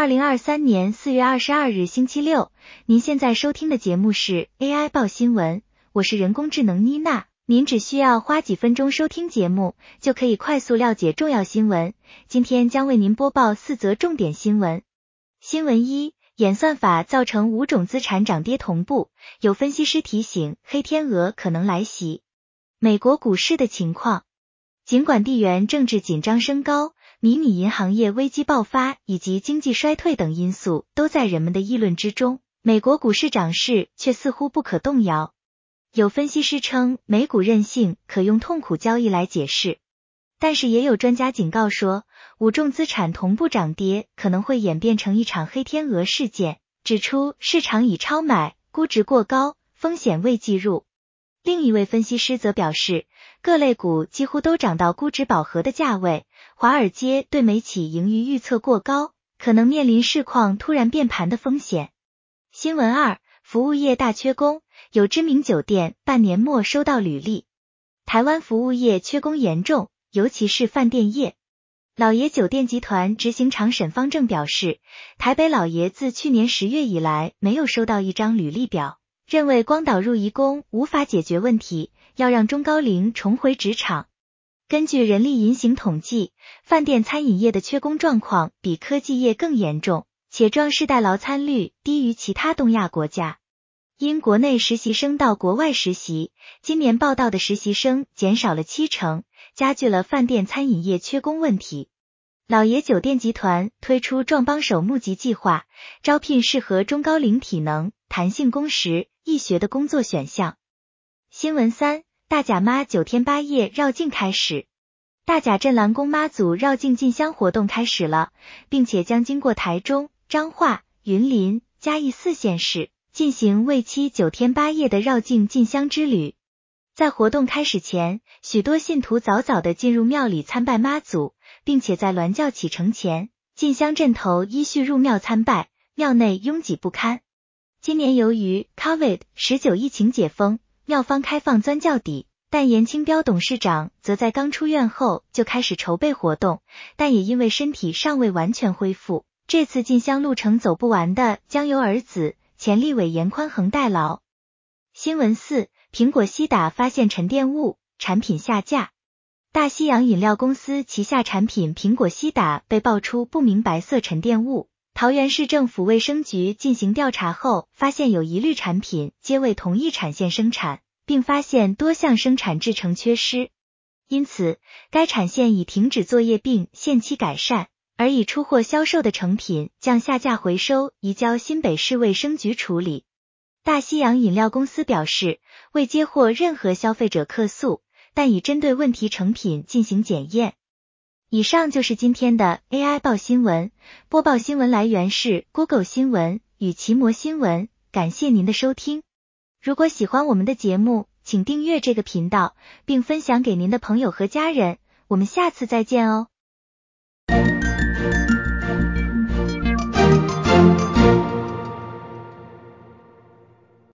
二零二三年四月二十二日星期六，您現在收聽的節目是 AI 報新聞，我是人工智能妮娜。您只需要花幾分鐘收聽節目，就可以快速了解重要新聞。今天將為您播報四則重點新聞。新聞一，演算法造成五種資產漲跌同步，有分析師提醒黑天鵝可能來襲。美國股市的情況，儘管地緣政治緊張升高，迷你銀行業危機爆發以及經濟衰退等因素都在人們的議論之中，美國股市漲勢卻似乎不可動搖。有分析師稱美股韌性可用痛苦交易來解釋，但是也有專家警告說五重資產同步漲跌可能會演變成一場黑天鵝事件，指出市場已超買，估值過高，風險未計入。另一位分析師則表示。各類股幾乎都漲到估值飽和的價位，華爾街對美企盈餘預測過高，可能面臨市況突然變盤的風險。新聞二：服務業大缺工，有知名酒店半年沒收到履歷。台灣服務業缺工嚴重，尤其是飯店業。老爺酒店集團執行長沈方正表示，台北老爺自去年十月以來沒有收到一張履歷表。認為光導入移工無法解決問題，要讓中高齡重回職場。根據人力銀行統計，飯店餐飲業的缺工狀況比科技業更嚴重，且壯世代勞參率低於其他東亞國家。因國內實習生到國外實習，今年報到的實習生減少了七成，加劇了飯店餐飲業缺工問題。老爺酒店集團推出壯幫手募集計劃，招聘適合中高齡體能、彈性工時。易學的工作選項。新聞三：三大甲媽九天八夜繞境開始。大甲鎮瀾宮媽祖繞境進香活動開始了，並且將經過台中、彰化、雲林、嘉義四縣市，進行為期九天八夜的繞境進香之旅。在活動開始前，許多信徒早早的進入廟裡參拜媽祖，並且在鑾轎啟程前，進香陣頭依序入廟參拜，廟內擁擠不堪。今年由於 COVID 十九疫情解封，廟方開放鑽轎底，但顏清標董事長則在剛出院後就開始籌備活動，但也因為身體尚未完全恢復，這次進香路程走不完的將由兒子前立委顏寬恆代勞。新聞四：蘋果西打發現沉澱物，產品下架。大西洋飲料公司旗下產品蘋果西打被爆出不明白色沉澱物。桃園市政府衛生局進行調查後，發現有疑慮產品皆為同一產線生產，並發現多項生產製程缺失，因此該產線已停止作業並限期改善，而已出貨銷售的成品將下架回收，移交新北市衛生局處理。大西洋飲料公司表示，未接獲任何消費者客訴，但已針對問題成品進行檢驗。以上就是今天的 AI 報新聞。播報新聞來源是 Google 新聞與奇摩新聞。感謝您的收聽。如果喜歡我們的節目，請訂閱這個頻道，並分享給您的朋友和家人。我們下次再見哦。